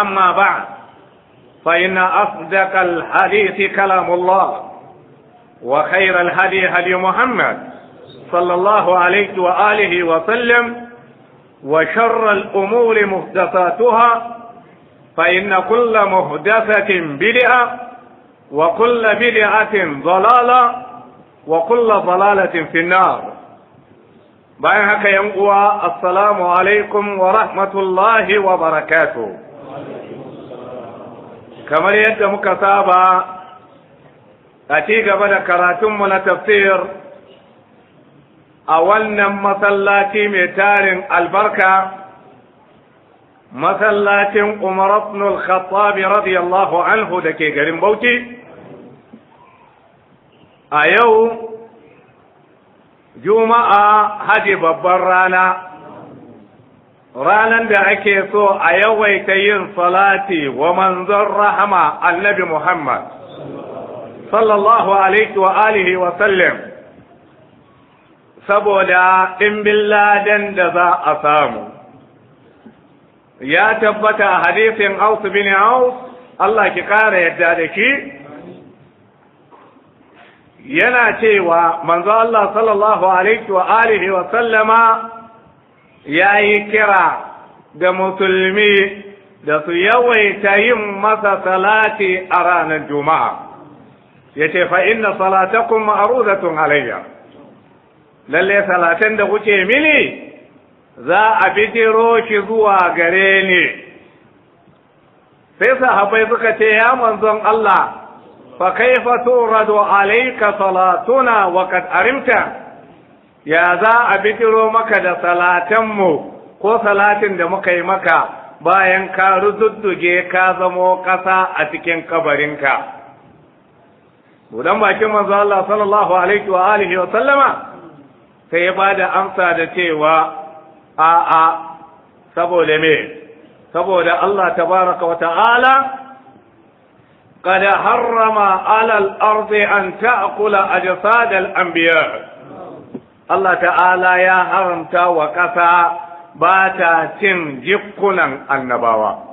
أما بعد فإن أصدق الحديث كلام الله وخير الهدي هدي محمد صلى الله عليه وآله وسلم وشر الأمور محدثاتها فإن كل محدثة بدعة وكل بدعة ضلالة وكل ضلالة في النار بعد هكا السلام عليكم ورحمة الله وبركاته kamar yadda muka saba a ci gaba da karatunmu na tafsir a wannan masallaci mai tarin albarka masallacin umar ibnul khattabi radiyallahu anhu da ke garin bauchi a yau juma'a haji babban rana ranan da ake so a yawaita yin salati wa manzon rahama annabi Muhammad sallallahu alaihi wa alihi wa sallam saboda ɗimbin ladan da za a samu ya tabbata a hadisin Aus bin Aus Allah ki ƙara yadda da ki yana cewa manzo Allah sallallahu alaihi wa alihi wa sallama ya yi kira da musulmi da su yawaita yin masa salati a ranar juma'a ya ce na salatakun tun halayya lalle salatan da kuke mini za a jiro shi zuwa gare ni sai sahabai suka ce ya manzon Allah fa kaifa turadu alayka salatuna wa arimta ya za a bidiro maka da salatanmu ko salatin da muka yi maka bayan ka ruzudduge ka zamo ƙasa a cikin kabarinka budan bakin manzo Allah sallallahu alaihi wa alihi wa sallama sai ya da amsa da cewa a a saboda me saboda Allah tabaraka wa ta'ala قد حرم على الأرض أن تأكل أجساد الأنبياء Allah ta'ala ya haramta wa ƙasa ba ta cin jikunan annabawa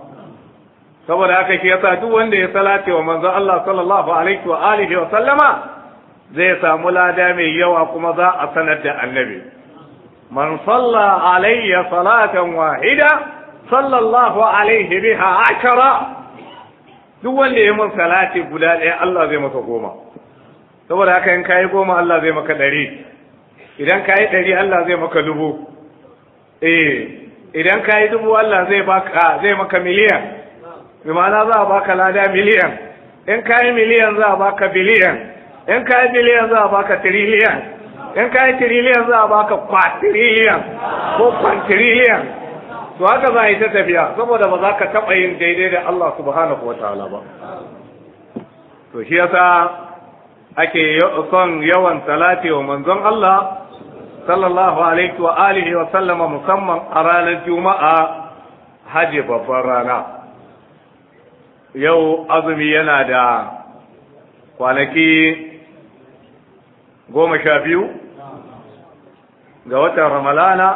saboda haka shi yasa duk wanda ya salate wa manzon Allah sallallahu alaihi wa alihi wa sallama zai samu lada mai yawa kuma za a sanar da annabi man salla alayya salatan wahida sallallahu alaihi biha ashara duk wanda ya mun salati guda ɗaya Allah zai masa goma saboda haka in kai goma Allah zai maka ɗari idan ka yi ɗari Allah zai maka dubu eh idan ka yi dubu Allah zai baka ah, zai maka miliyan bi ma'ana za a baka lada miliyan in ka yi miliyan za a baka biliyan in ka yi biliyan za a baka tiriliyan in ka yi tiriliyan za a baka kwatiriliyan ko kwantiriliyan to haka za a yi ta tafiya saboda ba za ka taɓa yin daidai da Allah subhanahu wa ta'ala ba to shi yasa ake son yawan salati wa manzon Allah sallallahu alaihi wa alihi wa sallama musamman a ranar juma'a haji babban rana yau azumi yana da kwanaki goma sha biyu ga watan ramalana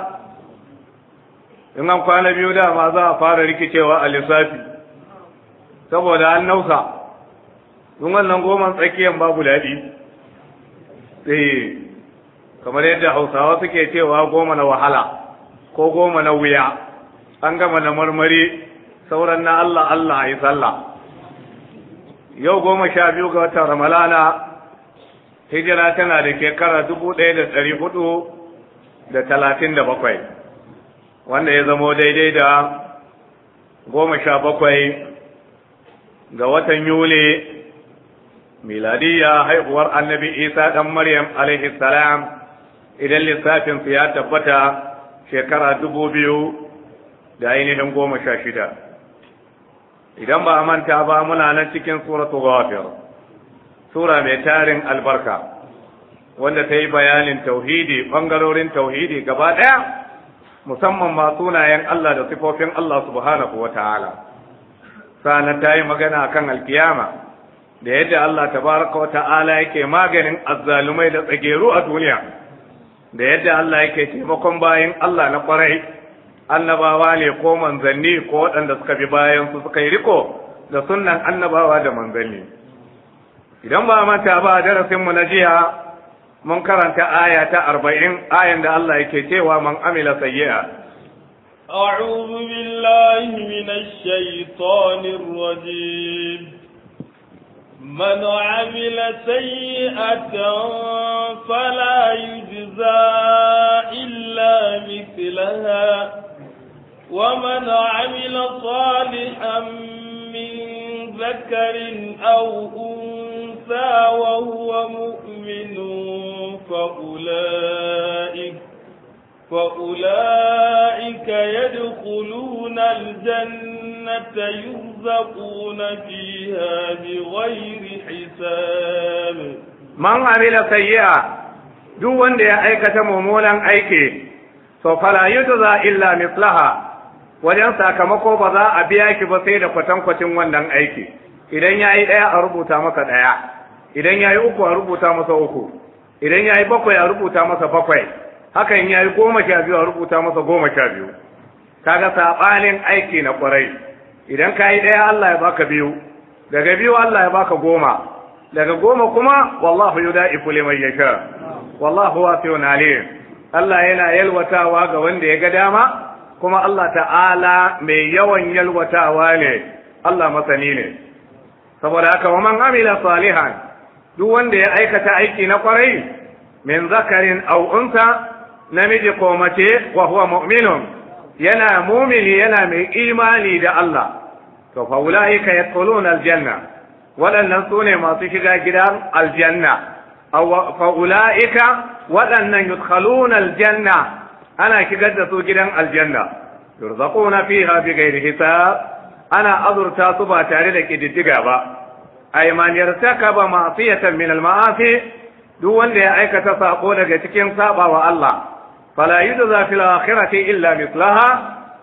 in an kwana biyu dama za a fara rikicewa a lissafi saboda an nausa in wannan goma tsakiyan babu daɗi eh, kamar yadda hausawa suke cewa goma na wahala ko goma na wuya an gama na marmari sauran na Allah Allah a yi sallah yau goma sha biyu ga watan ramalana hijira tana da shekara dubu ɗaya da ɗari hudu da talatin da bakwai wanda ya zamo daidai da goma sha bakwai ga watan yuli miladiyya haihuwar annabi isa ɗan maryam alaihi salam idan lissafin su ya tabbata shekara dubu biyu da ainihin goma sha shida idan ba a manta ba muna nan cikin suratu ghafir sura mai tarin albarka wanda ta yi bayanin tauhidi bangarorin tauhidi gaba ɗaya musamman ma sunayen Allah da sifofin Allah subhanahu wa ta'ala ta yi magana kan alkiyama da yadda Allah tabaraka wa ta'ala yake maganin azzalumai da tsageru a duniya da yadda Allah yake taimakon bayan Allah na kwarai annabawa ne ko manzanni ko waɗanda suka bi bayan su suka yi riko da sunan annabawa da manzanni idan ba manta ba darasin mu na jiya mun karanta aya ta arba'in, ayan da Allah yake cewa man amila sayyi'a a'udhu billahi minash shaitanir rajim من عمل سيئة فلا يجزى إلا مثلها ومن عمل صالحا من ذكر أو أنثى وهو مؤمن فأولئك فأولئك يدخلون الجنة يوم يرزقون فيها بغير حساب من عمل سيئة duk wanda ya aikata mummunan aiki to fala yujza illa mislaha wajen sakamako ba za a biya ki ba sai da kwatankwacin wannan aiki idan yayi daya a rubuta masa daya idan yayi uku a rubuta masa uku idan yayi bakwai a rubuta masa bakwai haka in yayi goma sha biyu a rubuta masa goma sha biyu kaga sabanin aiki na kwarai idan ka yi ɗaya Allah ya baka biyu daga biyu Allah ya baka goma daga goma kuma wallahu yuda'ifu mai yasha wallahu wasi'un nali. Allah yana yalwatawa ga wanda ya ga dama kuma Allah ta'ala mai yawan yalwatawa ne Allah masani ne saboda haka wa man amila salihan duk wanda ya aikata aiki na kwarai min zakarin aw namiji ko mace wa huwa mu'minun yana mumini yana mai imani da Allah to fa ulaika yadkhuluna aljanna waɗannan su ne masu shiga gidan aljanna fa ulaika waɗannan yadkhuluna aljanna ana shigar da su gidan aljanna yurzaquna fiha bighairi hisab ana azurta su ba tare da kididdiga ba ay man ba ma'siyatan min al-ma'asi duk wanda ya aikata sako daga cikin sabawa Allah fala yujza fil akhirati illa mithlaha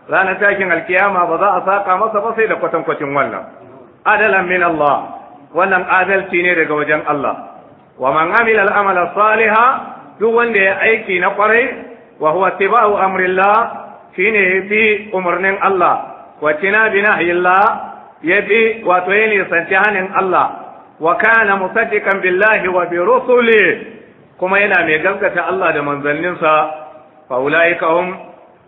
ranar takin alkiyama ba za a saka masa ba sai da kwatankwacin wannan adalan min Allah wannan adalci ne daga wajen Allah wa man amila al saliha duk wanda ya aiki na kwarai wa huwa tibau amrillah shine bi umarnin Allah wa tina bi nahyillah ya bi wato ya nisanci hanin Allah wa kana musaddiqan billahi wa bi rusuli kuma yana mai gaskata Allah da manzanninsa fa ulaika hum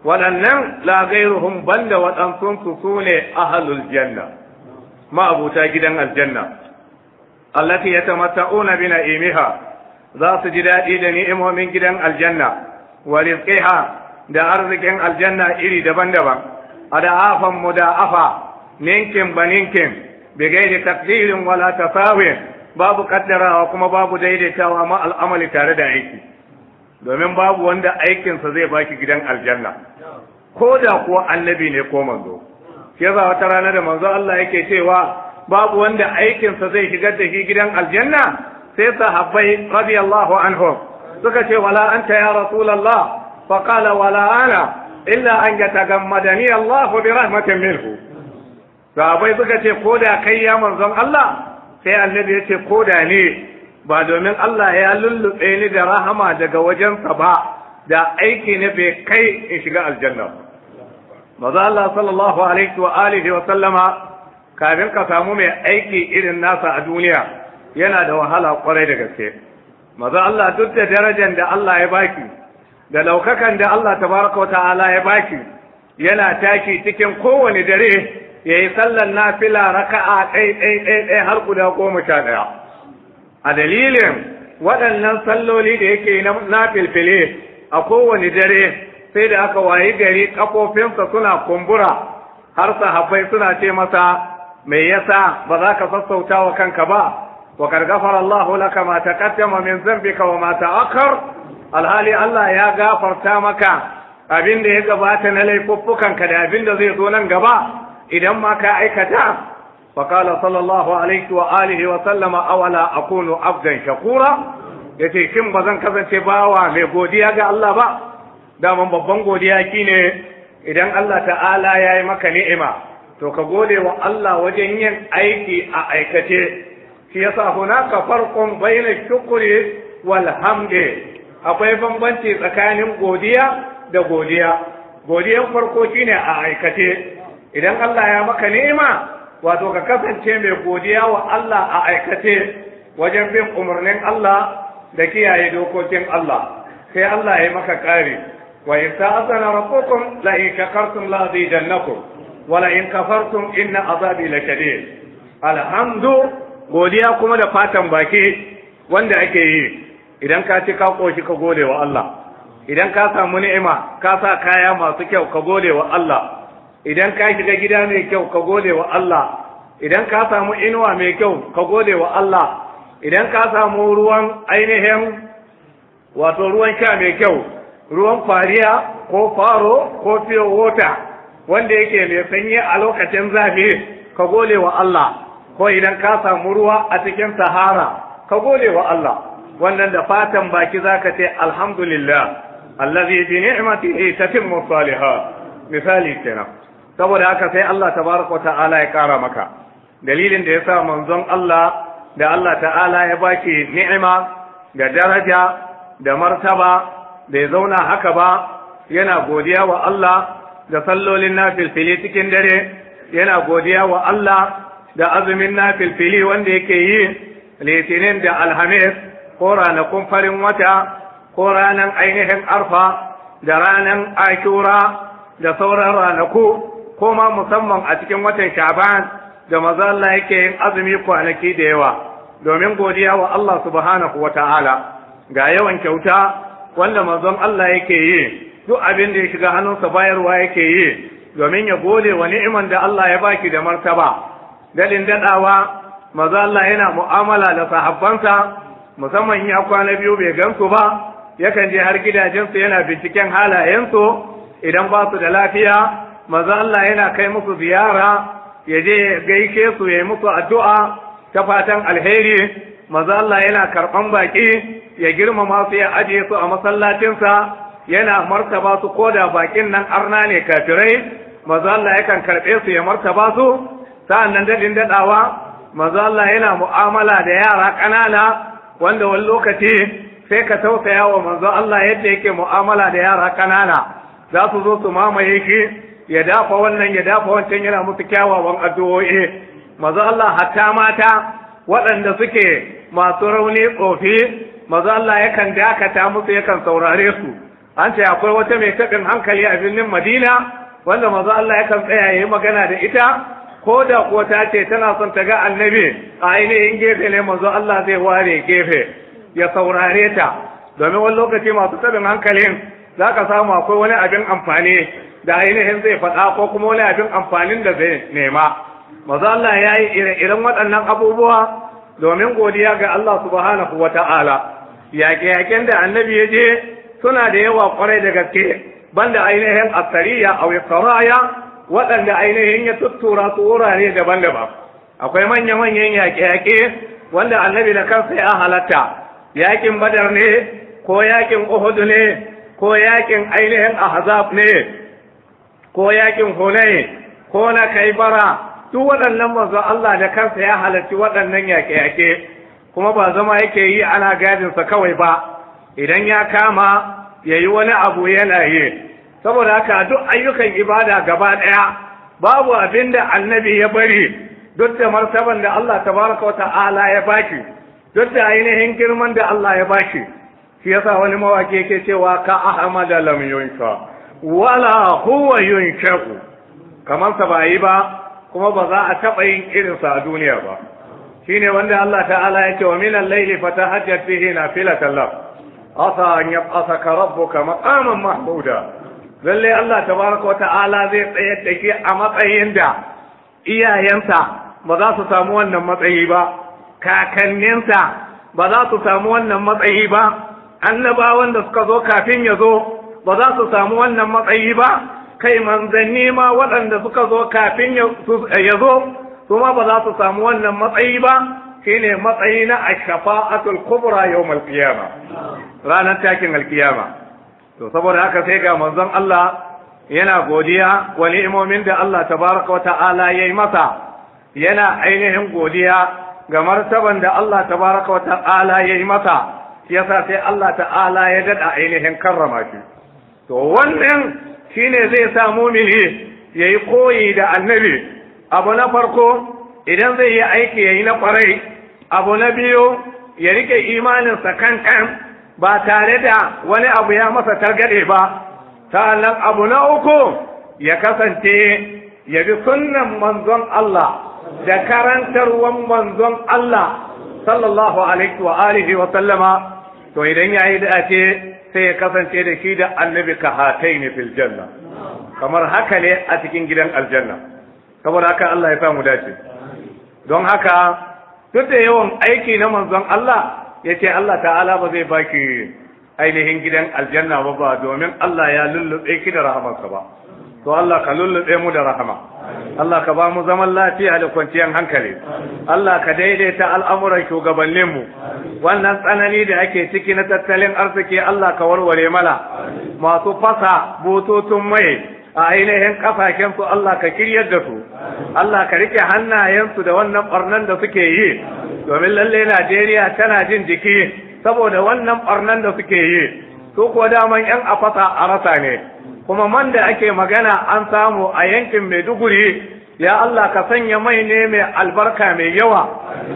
waɗannan la ghairuhum banda waɗansun su sune ahlul janna ma abuta gidan aljanna allati yatamatta'una bi na'imiha za su ji daɗi da ni'imomin gidan aljanna wa rizqiha da arzikin aljanna iri daban-daban adafan mudafa ninkin ba ninkin bi gairi takdirin wala tasawin babu ƙaddarawa kuma babu daidaitawa ma al'amali tare da aiki domin babu wanda aikinsa zai baki gidan aljanna ko da kuwa annabi ne ko manzo shi yasa wata rana da manzo Allah yake cewa babu wanda aikinsa zai shigar da shi gidan aljanna sai sahabbai radiyallahu anhum suka ce wala anta ya rasulullah fa qala wala ana illa an yatagammadani Allah bi rahmatin minhu sahabbai suka ce ko da kai ya manzon Allah sai annabi ya ce ko da ne ba domin Allah ya lullube ni da rahama daga wajensa ba da aiki na bai kai in shiga aljanna maza Allah sallallahu alaihi wa alihi wa sallama kafin ka samu mai aiki irin nasa a duniya yana da wahala kwarai da gaske maza Allah duk da darajar da Allah ya baki da laukakan da Allah tabaraka wa ta'ala ya baki yana tashi cikin kowane dare yayi sallar nafila raka'a ɗai ɗai ɗai har guda goma sha ɗaya a dalilin waɗannan salloli da yake na filfile a kowane dare sai da aka wayi gari kafofinsa suna kumbura har sahabbai suna ce masa me yasa ba za ka sassauta wa kanka ba wa kad ghafara Allah laka ma taqaddama min dhanbika wa ma ta'akhkhar alhali Allah ya gafarta maka abin da ya gabata na laifuffukanka da abin da zai zo nan gaba idan ma ka aikata فقال صلى الله عليه وآله وسلم أولا أكون عبدا شكورا yace shin ba zan kasance bawa mai godiya ga Allah ba daman babban godiya kine idan Allah ta'ala ya yi maka ni'ima to ka gode wa Allah wajen yin aiki a aikace shi yasa hunaka farqun baina shukri wal hamdi akwai bambanci tsakanin godiya da godiya godiyan farko shine a aikace idan Allah ya maka ni'ima wato ka kasance mai godiya wa Allah a aikace wajen bin umarnin Allah da kiyaye dokokin Allah sai Allah ya maka kare wa in ta'azana rabbukum la in shakartum la azidannakum wa la in kafartum inna azabi lakadid alhamdu godiya kuma da fatan baki wanda ake yi idan ka ci ka koshi ka gode wa Allah idan ka samu ni'ima ka sa kaya masu kyau ka gode wa Allah idan ka shiga gida mai kyau ka gode wa Allah idan ka samu inuwa mai kyau ka gode wa Allah idan ka samu ruwan ainihin wato ruwan sha mai kyau ruwan fariya ko faro ko fiye wota wanda yake mai sanyi a lokacin zafi ka gode wa Allah ko idan ka samu ruwa a cikin sahara ka gode wa Allah wannan da fatan baki zaka ce alhamdulillah allazi bi ni'matihi tatimmu salihat misali kenan saboda haka sai Allah tabaraka ta'ala ya kara maka dalilin da yasa manzon Allah da Allah ta'ala ya baki ni'ima da daraja da martaba bai zauna haka ba yana godiya wa Allah da sallolin nafilfili cikin dare yana godiya wa Allah da azumin nafilfili wanda yake yi litinin da alhamis ko ranakun farin wata ko ranan ainihin arfa da ranan akura da sauran ranaku ko ma musamman a cikin watan sha'ban da maza Allah yake yin azumi kwanaki da yawa domin godiya wa Allah subhanahu wa ga yawan kyauta wanda manzon Allah yake yi duk abin da ya shiga hannunsa bayarwa yake yi domin ya gode wa ni'iman da Allah ya baki da martaba dalin dadawa maza Allah yana mu'amala da sahabbansa musamman ya kwana biyu bai gansu ba yakan je har gidajensu yana binciken halayensu idan ba su da lafiya manzo Allah yana kai musu ziyara ya je gaishe su ya yi musu addu'a ta fatan alheri manzo Allah yana karban baƙi ya girmama su ya aje su a masallacinsa yana martaba su koda baƙin nan arna ne kafirai manzo Allah yakan karbe su ya martaba su sa'annan daɗin dadawa manzo Allah yana mu'amala da yara ƙanana wanda wani lokaci sai ka tausaya wa manzo Allah yadda yake mu'amala da yara ƙanana za su zo su mamaye shi ya dafa wannan ya dafa wancan yana musu kyawawan addu'o'i maza Allah hatta mata waɗanda suke masu rauni tsofi maza Allah yakan dakata musu yakan saurare su an ce akwai wata mai taɗin hankali a birnin Madina wanda maza Allah yakan tsaya yayi magana da ita ko da kuwa ta ce tana son ta ga annabi a ainihin gefe ne maza Allah zai ware gefe ya saurare ta domin wani lokaci masu taɗin hankalin za ka samu akwai wani abin amfani da ainihin zai faɗa ko kuma wani abin amfanin da zai nema maza Allah ya yi irin waɗannan abubuwa domin godiya ga Allah subhanahu wa ta'ala yaƙe-yaƙen da annabi ya je suna da yawa ƙwarai da gaske banda ainihin asariya a wikaraya waɗanda ainihin ya tuttura su wurare daban-daban akwai manya-manyan yaƙe-yaƙe wanda annabi da kansa ya halatta yaƙin badar ne ko yaƙin uhud ne ko yaƙin ainihin ahzab ne ko yakin hunayi ko na kai bara. duk waɗannan manzo Allah da kansa ya halarci waɗannan yaƙe-yaƙe kuma ba zama yake yi ana gadinsa kawai ba idan ya kama ya yi wani abu yana yi saboda haka duk ayyukan ibada gaba ɗaya babu abin da annabi ya bari duk da martaban da Allah tabaraka wa ta'ala ya baki duk da ainihin girman da Allah ya baki shi yasa wani mawaki yake cewa ka ahmada lam yunsa wala huwa yunshaku kamar sa ba yi ba kuma ba za a taɓa yin irinsa a duniya ba shine wanda Allah ta'ala ya ce wa min al-layli fatahajjat bihi nafilatan lak asa an rabu rabbuka maqaman mahmuda lalle Allah tabaraka wa ta'ala zai tsayar da ke a matsayin da iyayensa ba za su samu wannan matsayi ba kakanninsa ba za su samu wannan matsayi ba annabawan da suka zo kafin ya zo ba za su samu wannan matsayi ba kai manzanni ma waɗanda suka zo kafin ya zo su ma ba za su samu wannan matsayi ba shine matsayi na ashafa'atul kubra yawmal qiyama ranar takin alkiyama to saboda haka sai ga manzon Allah yana godiya wa ni'imomin da Allah tabaraka wa ta'ala yi masa yana ainihin godiya ga martaban da Allah tabaraka wa ta'ala yayi masa yasa sai Allah ta'ala ya daɗa ainihin karrama shi to wannan shine zai sa mumini yi koyi da annabi abu na farko idan zai yi aiki yayi na kwarai abu na biyu ya rike imaninsa kan kan ba tare da wani abu ya masa targade ba sa'annan abu na uku ya kasance ya bi sunnan manzon Allah da karantarwan manzon Allah sallallahu alaihi wa alihi wa sallama to idan yayi da ce sai ya kasance da shi da annabi ka hatai ne fil janna kamar haka ne a cikin gidan aljanna saboda haka Allah ya samu dace don haka duk da yawan aiki na manzon Allah ya ce Allah ta'ala ba zai baki ainihin gidan aljanna ba ba domin Allah ya lullube ki da rahamarsa ba to Allah ka lullube mu da rahama Allah ka ba mu zaman lafiya da kwanciyar hankali Allah ka daidaita al'amuran shugabannin mu wannan tsanani da ake ciki na tattalin arziki Allah ka warware mana masu fasa bututun mai a ainihin kafashensu Allah ka kiryar da su Allah ka rike hannayensu da wannan barnan da suke yi domin lalle Najeriya tana jin jiki saboda wannan ɓarnar da suke yi su ko daman yan afasa a rasa ne kuma man da ake magana an samu a yankin maiduguri ya Allah ka sanya mai ne mai albarka mai yawa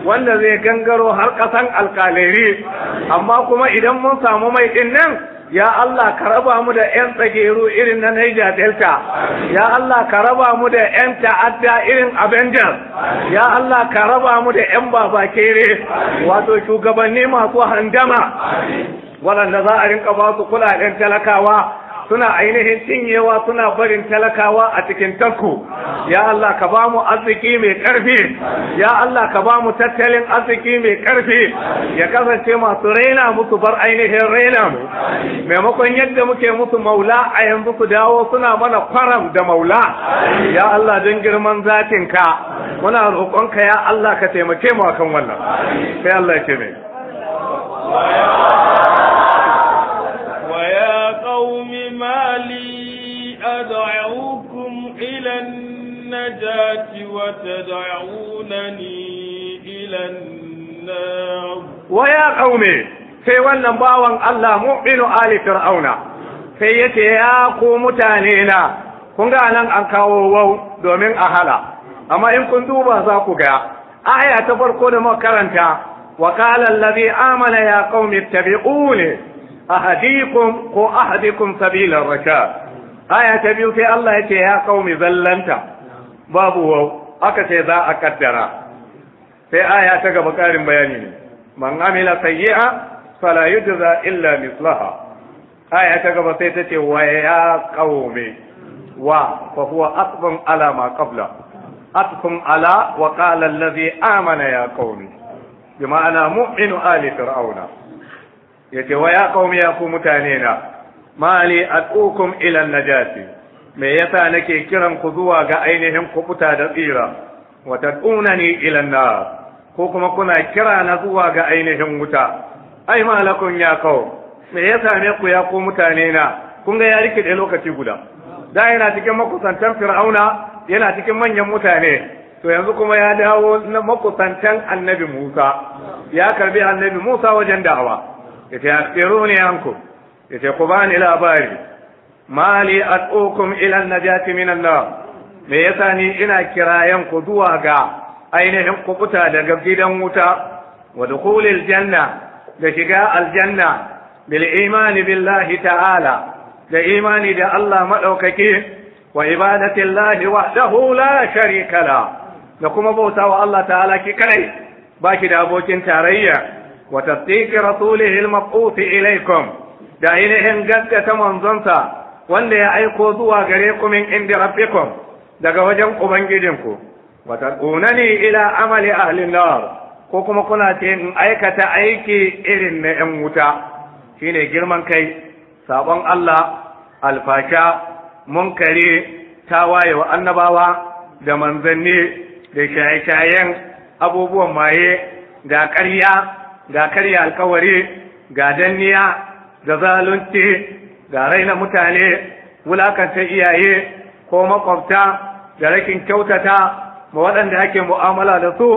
wanda zai gangaro har ƙasan alkaleri amma kuma idan mun samu mai ɗin nan ya Allah ka raba mu da 'yan tsageru irin na Niger Delta ya Allah ka raba mu da 'yan ta'adda irin Avenger ya Allah ka raba mu da 'yan babakere wato shugabanni masu handama waɗanda za a rinka ba su kuɗaɗen talakawa suna ainihin cinyewa suna barin talakawa a cikin tarko ya Allah ka ba mu arziki mai karfi ya Allah ka ba mu tattalin arziki mai karfi ya kasance masu raina musu bar ainihin raina mu maimakon yadda muke musu maula a yanzu su dawo suna mana kwaram da maula ya Allah don girman zatin ka muna roƙonka ya Allah ka taimake mu akan wannan sai Allah ya ce mai قوم ما لي أدعوكم إلى النجاة وتدعونني إلى النار ويا قومي في ونباوا الله مؤمن آل فرعون sai ya ce ya ku mutane na kun ga nan an kawo wau domin a hala amma in kun duba za ku ga aya ta farko da makaranta wa qala allazi amana ya qaumi ittabi'uni أهديكم قو أهديكم سبيل الركاب آية تبيو في الله يا قومي زلنت بابو هو أكتي ذا أكترا في آية تقب كارم بياني من عمل سيئة فلا يجزى إلا مثلها آية تقب سيتي ويا قومي و فهو أطف على ما قبله أطف على وقال الذي آمن يا قومي بمعنى مؤمن آل فرعون yace wa ya qaumi ya ku mutane na mali ad'ukum ila najati me yasa nake kiran ku zuwa ga ainihin kubuta da tsira wa tad'unani ila nar ko kuma kuna kira na zuwa ga ainihin wuta ai malakun ya kawo me ya same ku ya ku mutane na kun ga ya rikide lokaci guda da yana cikin makusantan fir'auna yana cikin manyan mutane to yanzu kuma ya dawo na makusantan annabi musa ya karbi annabi musa wajen da'awa yace asbiruni ankum yace ku bani labari mali ad'ukum ila an-najati min an-nar me yasa ni ina kirayen ku zuwa ga ainihin kukuta daga gidan wuta wa dukhulil janna da shiga aljanna bil imani billahi ta'ala da imani da Allah madaukake wa ibadati Allah wahdahu la sharika la da kuma bauta wa Allah ta'ala ki kai baki da abokin tarayya wa tasdiqi rasulihi al-mab'uth ilaykum da ainihin gaskata manzonsa wanda ya aiko zuwa gare ku min inda rabbikum daga wajen ubangijinku wa tad'unani ila amali ahli nar ko kuma kuna ce in aikata aiki irin na yan wuta shine girman kai sabon Allah alfasha munkari tawaye wa annabawa da manzanni da shaye-shayen abubuwan maye da ƙarya ga karya alkawari ga danniya ga zalunci ga raina mutane wulakanta iyaye ko makwabta da rakin kyautata ma waɗanda ake mu'amala da su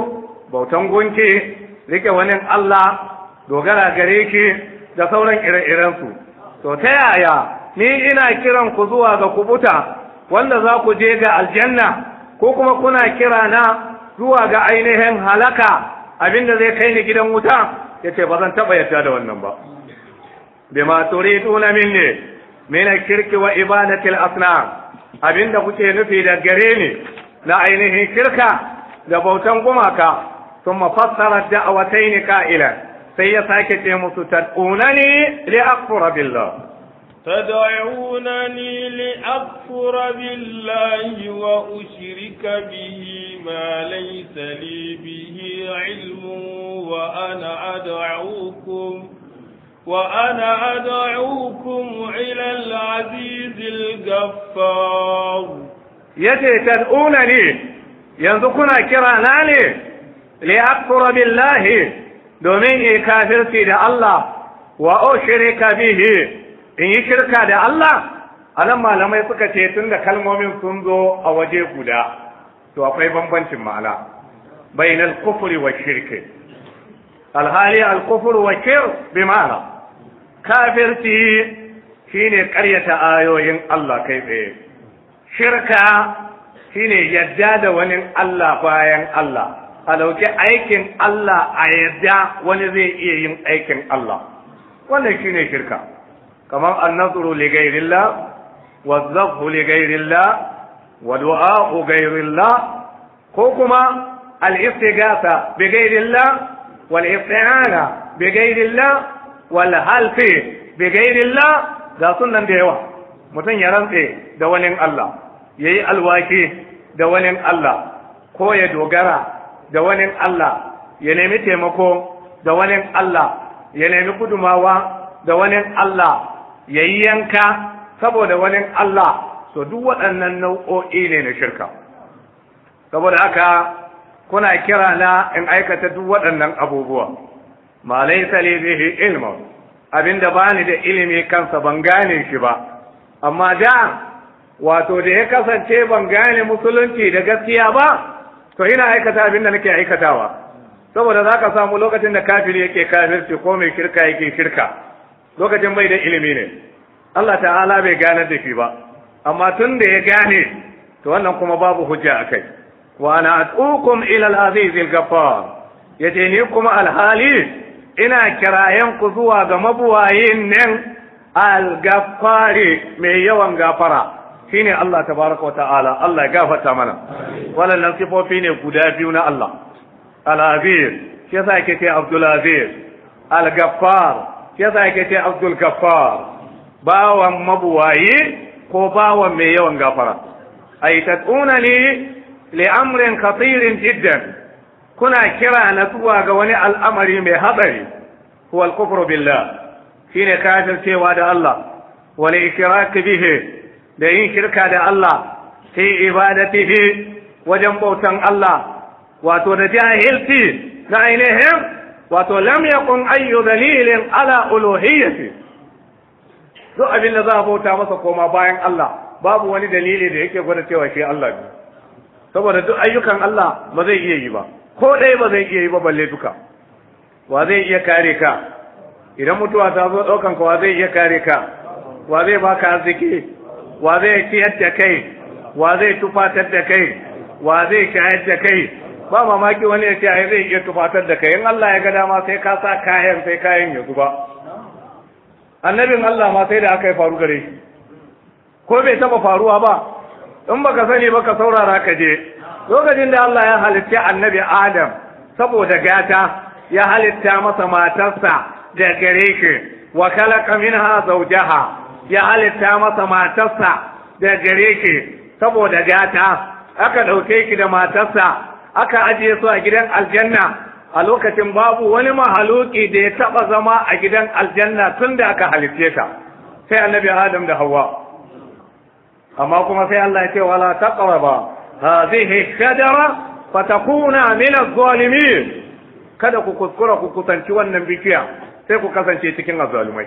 bautan gunki rike wani Allah dogara gare ki da sauran ire-irensu to ta yaya ni ina kiran ku zuwa ga kubuta wanda za ku je ga aljanna ko kuma kuna kira na zuwa ga ainihin halaka abin da zai kai ni gidan wuta ya ce ba zan taɓa yadda da wannan ba bima na minni mina kirki wa ibadatil asnam abin kuke nufi da gare ni na ainihin kirka da bautan gumaka sun fassara da'awataini ni ka'ila sai ya sake ce musu tad'unani li billah تدعونني لأكفر بالله وأشرك به ما ليس لي به علم وأنا أدعوكم وأنا أدعوكم إلى العزيز الغفار يتي تدعونني ينزقنا كرانا لي لأكفر بالله دومين كافرتي لله وأشرك به in yi shirka da Allah a nan malamai suka ce tun da kalmomin sun zo a waje guda to akwai bambancin ma'ana bayan al-kufri wa shirki alhali al-kufr wa shir bi ma'ana kafirci ne karyata ayoyin Allah kai tsaye shirka shi ne yadda da wani Allah bayan Allah a dauki aikin Allah a yadda wani zai iya yin aikin Allah wannan shi ne shirka kamar annazuru li wa zafu li wa du'a'u ghairillah ko kuma al-istighatha bi ghairillah wal isti'ana bi ghairillah wal halfi bi ghairillah ga sunan da yawa mutum ya rantse da wani Allah yayi alwaki da wani Allah ko ya dogara da wani Allah ya nemi taimako da wani Allah ya nemi gudumawa da wani Allah yayi yanka saboda wani Allah to duk waɗannan nau'o'i ne na shirka saboda haka kuna kira na in aikata duk waɗannan abubuwa ma laysa li bihi ilmun abinda bani da ilimi kansa ban gane shi ba amma da wato da ya kasance ban gane musulunci da gaskiya ba to ina aikata abin da nake aikatawa saboda zaka ka samu lokacin da kafiri yake kafirci ko mai shirka yake shirka lokacin bai da ilimi ne Allah ta'ala bai gane da fi ba amma tun da ya gane to wannan kuma babu hujja kai wa ana atukum ila al-aziz al-ghaffar yace ni kuma alhali ina kirayen ku zuwa ga mabuwayin nan al-ghaffari mai yawan gafara shine Allah tabaraka wa ta'ala Allah ya gafarta mana wannan sifofi ne guda biyu na Allah al-aziz shi yasa yake ce Abdul Aziz al-ghaffar yasa yake ce abdul gaffar bawan mabuwayi ko bawan mai yawan gafara ay tad'unani li amrin khatirin jiddan kuna kira na zuwa ga wani al'amari mai hadari huwa al-kufru billah shine cewa da Allah wal ikrak bihi da yin shirka da Allah fi ibadatihi wajen bautan Allah wato da jahilci na ainihin wato lam yakun ayyu dalilin ala uluhiyyati duk abin da za a bauta masa koma bayan Allah babu wani dalili da yake gwada cewa shi Allah ne saboda duk ayyukan Allah ba zai iya yi ba ko ɗaya ba zai iya yi ba balle duka wa zai iya kare ka idan mutuwa ta zo ɗaukan ka wa zai iya kare ka wa zai baka arziki wa zai ciyar da kai wa zai tufatar da kai wa zai shayar da kai ba mamaki wani ya ce ai zai iya tufatar da kai in Allah ya ga dama sai ka sa kayan sai kayan ya zuba annabin Allah ma sai da aka yi faru gare shi ko bai taba faruwa ba in baka sani ba ka saurara ka je lokacin da Allah ya halitta annabi Adam saboda gata ya halitta masa matarsa da gare shi wa khalaqa minha zawjaha ya halitta masa matarsa da gare shi saboda gata aka ɗauke ki da matarsa aka ajiye su a gidan aljanna a lokacin babu wani mahaluki da ya taba zama a gidan aljanna tun da aka halitce ta sai annabi adam da hawa amma kuma sai Allah ya ce wala taqraba hadhihi shajara fatakuna min adh-dhalimin kada ku kuskura ku kusanci wannan bishiya sai ku kasance cikin azzalumai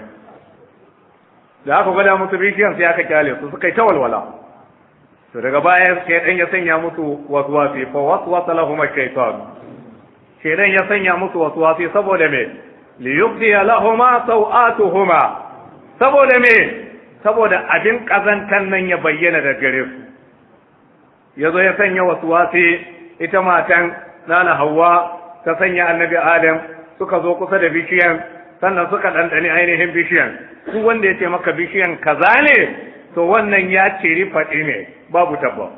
da aka gada musu bishiyan sai aka kyale su suka yi ta walwala to daga baya dan ya sanya musu waswasi fa waswasa lahum ash-shaytan dan ya sanya musu waswasi saboda me li yubdi lahum sawatuhuma saboda me saboda abin kazantan nan ya bayyana da gare su yazo ya sanya waswasi ita matan nana Hauwa ta sanya annabi adam suka zo kusa da bishiyan sannan suka dandani ainihin bishiyan ku wanda ya ce maka bishiyan kaza ne to wannan ya ciri faɗi ne babu tabba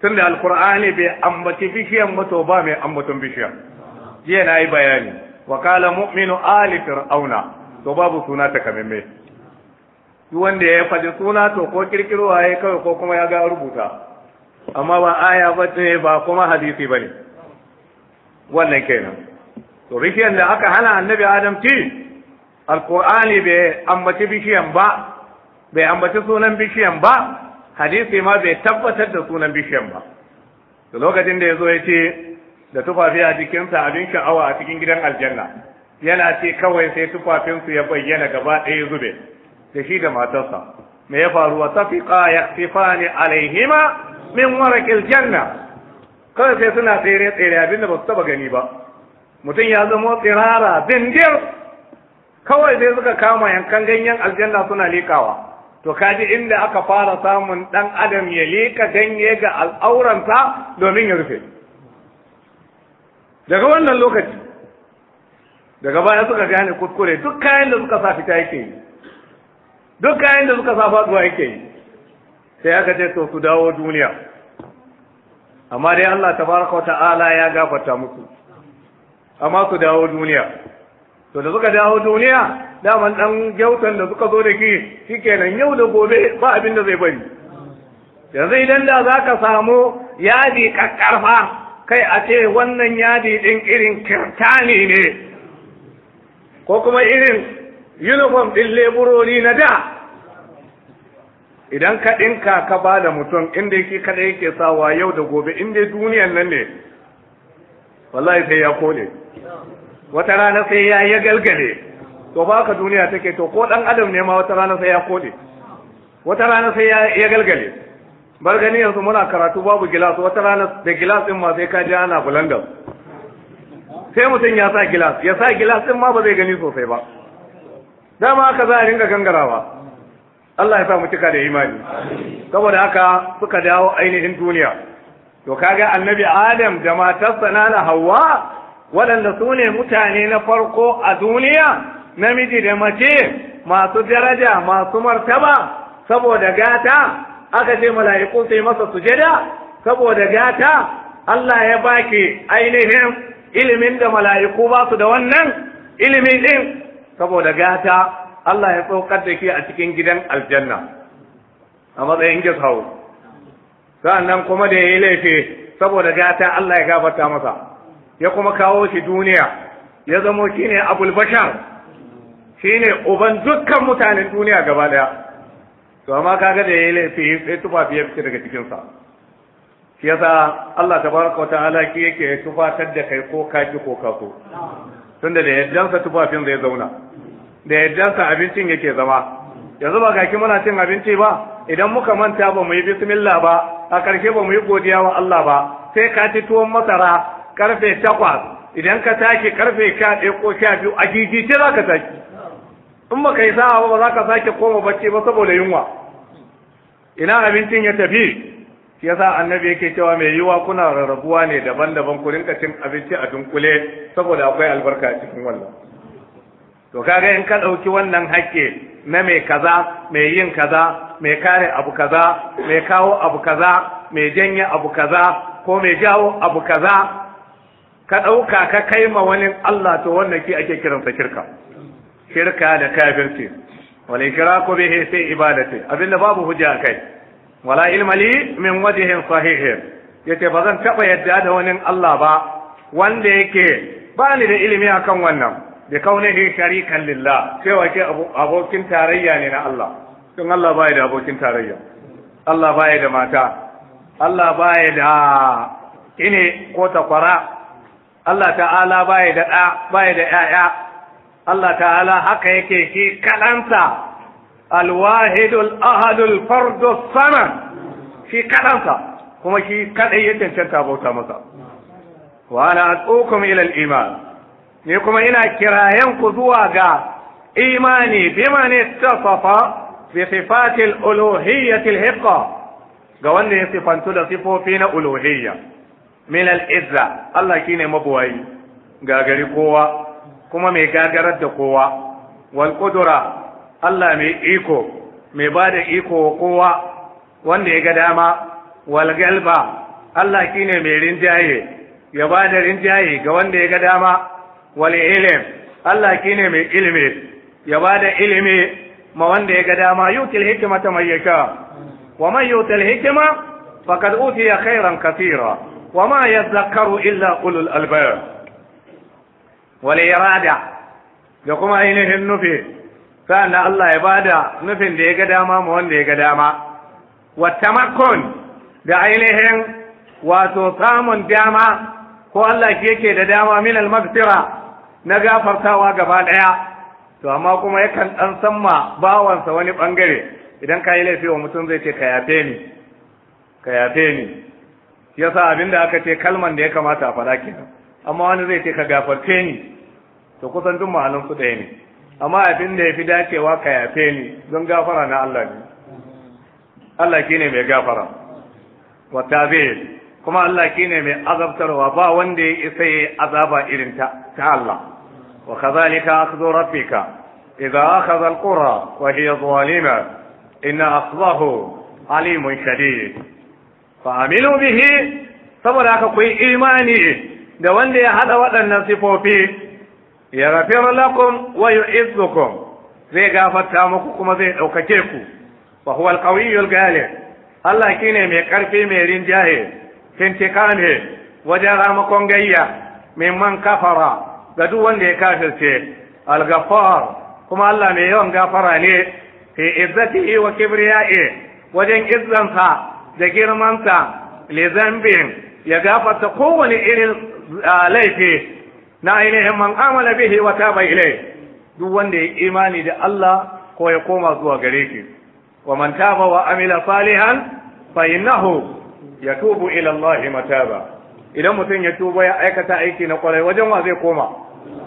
tun da alkur'ani bai ambaci bishiyan mato ba mai ambaton bishiyan jiya na yi bayani wa kala mu'minu ali fir'auna to babu suna ta kamimme duk wanda ya faɗi suna to ko kirkiro ya kawai ko kuma ya ga rubuta amma ba aya ba ce ba kuma hadisi ba ne wannan kenan to bishiyan da aka hana annabi adam ci alkur'ani bai ambaci bishiyan ba bai ambaci sunan bishiyan ba hadisi ma bai tabbatar da sunan bishiyan ba da lokacin da ya zo ya ce da tufafi a jikinsa abin sha'awa a cikin gidan aljanna yana ce kawai sai tufafinsu ya bayyana gaba ɗaya zube da shi da matarsa me ya faru wa tafiqa yaqtifani alaihima min warqil janna kawai sai suna tsere tsere abin da ba su taba gani ba mutum ya zama tsirara dindir kawai sai suka kama yankan ganyen aljanna suna likawa to kaji inda aka fara samun dan adam ya leka ganye ga al'auransa domin ya rufe daga wannan lokaci daga baya suka gane kuskure duk kayan da suka sa fita yake yi duk kayan da suka sa faduwa yake yi sai aka ce to su dawo duniya amma dai Allah tabaraka ta'ala ya gafarta musu amma su dawo duniya to da suka dawo duniya daman dan gyautan da suka zo da ke shikenan yau da gobe ba abin da zai bari yanzu idan da za ka samu yadi kakkarfa kai a ce wannan yadi din irin kirtani ne ko kuma irin uniform din leburori na da idan ka dinka ka ba da mutum inda yake kada yake sawa yau da gobe inda duniyan nan ne wallahi sai ya kone wata rana sai ya ya galgale to ba ka duniya take to ko dan adam ne ma wata rana sai ya kode wata rana sai ya galgale bar gani yanzu muna karatu babu gilas wata rana da gilas din ma sai ka ji ana bulandar sai mutum ya sa gilas ya sa gilas din ma ba zai gani sosai ba dama haka za a ringa gangarawa Allah ya sa mu cika da imani saboda haka suka dawo ainihin duniya to kaga annabi Adam da matarsa na Hauwa waɗanda su ne mutane na farko a duniya namiji da mace masu daraja masu martaba saboda gata aka ce mala'iku sai masa sujada saboda gata Allah ya baki ainihin ilimin da mala'iku ba su da wannan ilimin din saboda gata Allah ya saukar da ke a cikin gidan aljanna a matsayin gisau sa'annan kuma da ya yi laifi saboda gata Allah ya gafarta masa ya kuma kawo shi duniya ya zamo shine ne bashar Shi ne uban dukkan mutanen duniya gaba daya to amma kaga da yayi laifi sai tufa ya fita daga cikin sa shi yasa Allah tabaraka wa ta'ala ki yake tufatar da kai ko kaki ko kako tunda da yaddansa tufafin zai zauna da yaddansa abincin yake zama yanzu ba kaki muna cin abinci ba idan muka manta ba mu yi bismillah ba a karshe ba mu yi godiya wa Allah ba sai ka ci tuwon masara karfe takwas idan ka tashi karfe sha ɗaya ko sha biyu a jijiji za ka tashi in baka yi sa'a ba ba za ka sake koma bacci ba saboda yunwa ina abincin ya tafi shi yasa annabi yake cewa mai yiwa kuna rarrabuwa ne daban-daban ku rinka cin abinci a dunkule saboda akwai albarka a cikin wannan to kaga in ka ɗauki wannan hakke na mai kaza mai yin kaza mai kare abu kaza mai kawo abu kaza mai janye abu kaza ko mai jawo abu kaza ka ɗauka ka kai ma wani Allah to wannan ki ake kiransa shirka shirka da kafirci wal ikraku bihi fi ibadati abinda babu hujja kai wala ilma li min wajhin sahih yace bazan zan taba yadda da wani Allah ba wanda yake ba ni da ilimi akan wannan bi kaunihi sharikan lillah cewa ke abokin tarayya ne na Allah don Allah baya da abokin tarayya Allah baya da mata Allah baya da kine ko takwara Allah ta'ala baya da da baya da 'ya'ya Allah ta'ala haka yake shi kalansa alwahidul ahadul fardu samad shi kalansa kuma shi kadai ya cancanta bauta masa wa ana atsukum ila al-iman ne kuma ina kirayen ku zuwa ga imani bima ne tasafa bi sifatil uluhiyyatil hiqqa ga wanda ya sifantu da sifofi na uluhiyya min al-izza Allah shine mabuwayi ga gari kowa kuma mai gagarar da kowa wal qudra Allah mai iko mai ba da iko wa kowa wanda ya ga dama wal galba Allah shine mai rinjaye ya ba da rinjaye ga wanda ya ga dama wal ilim Allah shine mai ilimi ya ba da ilimi ma wanda ya ga dama yutil hikmata man yasha wa man yutil hikma faqad utiya khairan katira wa ma yadhakkaru illa ulul albab wal irada da kuma ainihin nufi sa'an Allah ya bada nufin da ya ga dama ma wanda ya ga dama wa tamakkun da ainihin wato samun dama ko Allah shi yake da dama min al na gafartawa gaba ɗaya, to amma kuma yakan dan samma bawansa wani ɓangare, idan ka yi laifi wa mutum zai ce ka yafe ni ka yafe ni yasa abinda aka ce kalman da ya kamata a fara kenan amma wani zai ce ka gafarce ni to kusan duk ma'anan su ɗaya ne amma abin da ya fi dacewa ka yafe ni don gafara na Allah ne Allah ki ne mai gafara wa tabe kuma Allah ki ne mai azabtarwa ba wanda ya isa ya azaba irin ta ta Allah wa kazalika akhdhu rabbika idza akhadha alqura wa hiya zalima inna akhdahu alimun shadid fa amilu bihi saboda haka ku imani da wanda ya hada waɗannan sifofi ya rafi lakum wa yu'izzukum zai gafarta muku kuma zai ɗaukake ku wa huwa al ghalib Allah kine mai karfi mai rinjaye tintikane wajen ramakon gayya mai man kafara ga duk wanda ya kafirce al-ghaffar kuma Allah mai yawan gafara ne fi izzatihi wa kibriya'i wajen izzansa da girmansa li ya gafarta kowane irin laifi na ainihin man amala bihi wa taba ilai duk wanda ya imani da Allah ko ya koma zuwa gare ki wa man taba wa amila salihan fa innahu yatubu ila Allah mataba idan mutum ya tuba ya aikata aiki na kwarai wajen wa zai koma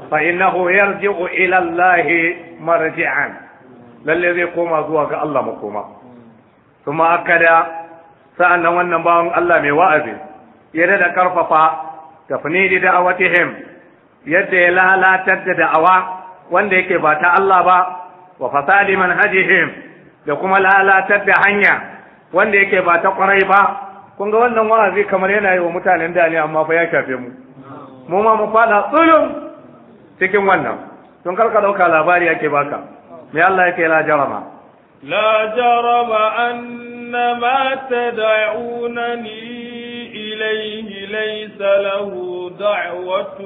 fa innahu yarji'u ila Allah marji'an lalle zai koma zuwa ga Allah makoma kuma akada sa'annan wannan bawon Allah mai wa'azi ya da karfafa tafnidi da'awatihim yadda ya lalatar da da'awa wanda yake ba ta Allah ba wa fasadi manhajihim da kuma lalatar da hanya wanda yake ba ta kwarai ba kun ga wannan wa'azi kamar yana yi wa mutanen da ne amma fa ya shafe mu mu ma mu fada tsulum cikin wannan tun karka dauka labari yake baka me Allah yake la jarama la jarama annama tad'unani إليه ليس له دعوة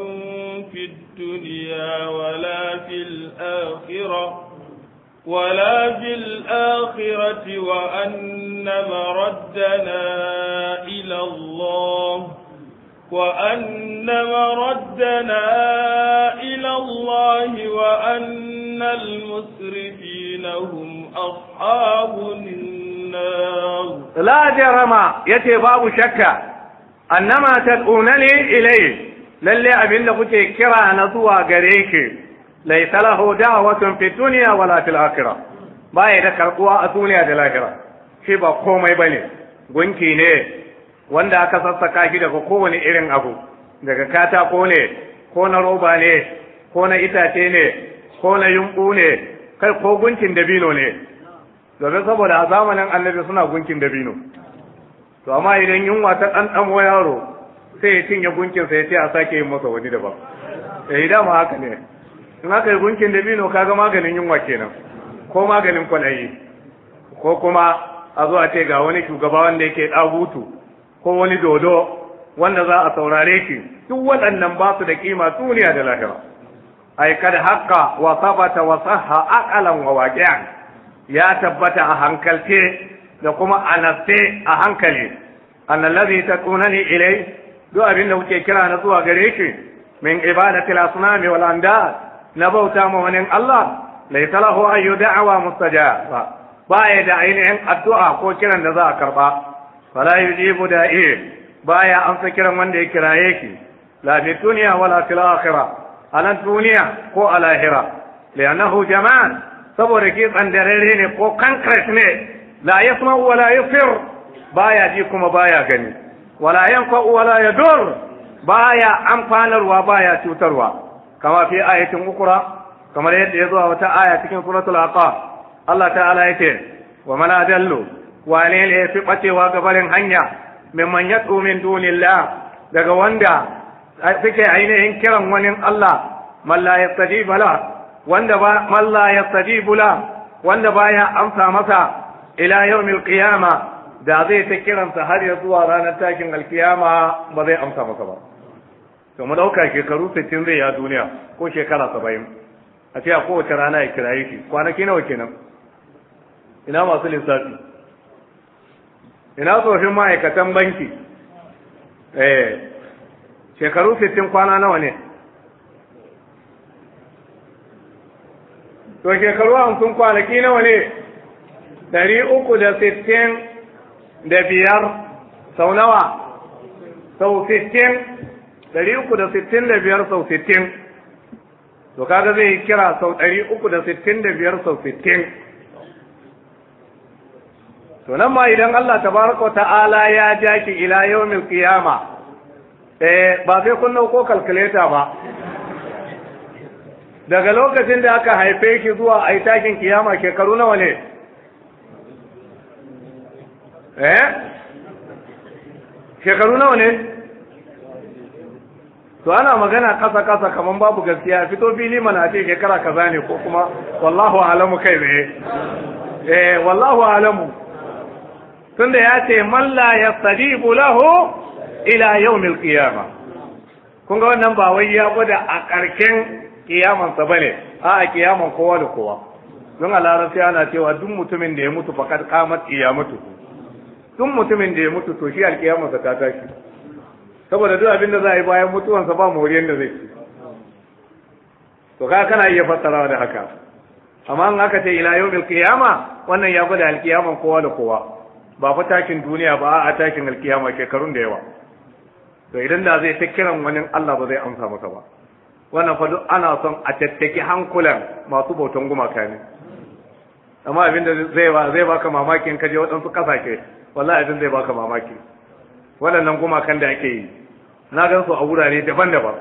في الدنيا ولا في الآخرة ولا في الآخرة وأن مردنا إلى الله وأن مردنا إلى الله وأن المسرفين هم أصحاب النار لا جرم يتي باب شكا annama tad'unani ilayhi lalle abin da kuke kira na zuwa gare ki laysa lahu da'watun fi dunya wala fil akhirah baya da karbuwa a duniya da lahira shi ba komai bane gunki ne wanda aka sassaka shi daga kowane irin abu daga katako ne ko na roba ne ko na itace ne ko na yumbu ne kai ko gunkin dabino ne domin saboda a zamanin annabi suna gunkin dabino to amma idan yunwa ta ɗanɗamo yaro sai ya cinye gunkin sa ya ce a sake yin masa wani daban eh dama haka ne in aka yi gunkin dabino ga maganin yunwa kenan ko maganin kwaɗayi, ko kuma a zuwa a ce ga wani shugaba wanda yake ɗagutu ko wani dodo wanda za a saurare shi duk waɗannan ba su da kima duniya da lahira ai kada haka wa sabata wa sahha aqalan wa waqi'an ya tabbata a hankalce da kuma a natse a hankali annallazi takunani ilai duk abin da kuke kira na zuwa gare shi min ibadatil asnami wal andad na bauta ma wani Allah laita lahu ayyu da'awa mustajaba baya da ainihin addu'a ko kiran da za a karba fala yujibu da'i ya amsa kiran wanda ya kiraye ki la fi dunya wala fil akhirah ala duniya ko a lahira li'annahu jama'an saboda ki tsandarere ne ko concrete ne la yasma wa la yusir baya ji kuma baya gani wala yanfa wa la yadur baya amfanarwa baya cutarwa kama fi ayatin ukura kamar yadda ya zuwa wata aya cikin suratul aqaf Allah ta'ala yake wa man adallu wa ne ne yafi ga gabarin hanya mimman yad'u min dunillah daga wanda suke ainihin kiran wani Allah man la yastajibu la wanda ba man la yastajibu la wanda baya amsa masa ila yawmil qiyama da zai ta kiransa har ya zuwa ranar takin alkiyama ba zai amsa masa ba to mu dauka shekaru 60 zai ya duniya ko shekara 70 a ce a kowace rana ya kira shi kwanaki nawa kenan ina masu lissafi ina tsofin ma'aikatan banki eh shekaru 60 kwana nawa ne to shekaru 50 kwanaki nawa ne ɗari uku da sittin da biyar sau nawa sau sittin ɗari uku da sittin da biyar sau sittin to kaga zai yi kira sau ɗari uku da sittin da biyar sau sittin to nan ma idan Allah tabaraka ta'ala ya ja ki ila yawmil qiyama eh ba sai kun ko kalkuleta ba daga lokacin da aka haife ki zuwa ai takin kiyama shekaru nawa ne eh shekaru nawa ne to ana magana kasa kasa kaman babu gaskiya fito fili mana ce shekara kaza ne ko kuma wallahu alamu kai tsaye eh wallahu alamu tunda ya ce man la yastajibu lahu ila yawmil qiyama kun ga wannan ba wai ya gwada a karken kiyaman sa bane a a kiyaman kowa da kowa don a larabci ana cewa duk mutumin da ya mutu fakat qamat qiyamatuhu tun mutumin da ya mutu to shi alkiyamarsa ta tashi saboda duk abin da za a yi bayan mutuwansa ba moriyar da zai ci to ka kana iya fassarawa da haka amma in aka ce ila yawmil qiyama wannan ya gwada alkiyaman kowa da kowa ba fa takin duniya ba a takin alkiyama shekarun da yawa to idan da zai ta kiran wani Allah ba zai amsa masa ba wannan fa duk ana son a tattaki hankulan masu bautan gumaka ne amma abin da zai ba zai baka mamakin kaje waɗansu kasashe wallahi abin zai baka mamaki waɗannan gumakan da ake yi na gan su a wurare daban-daban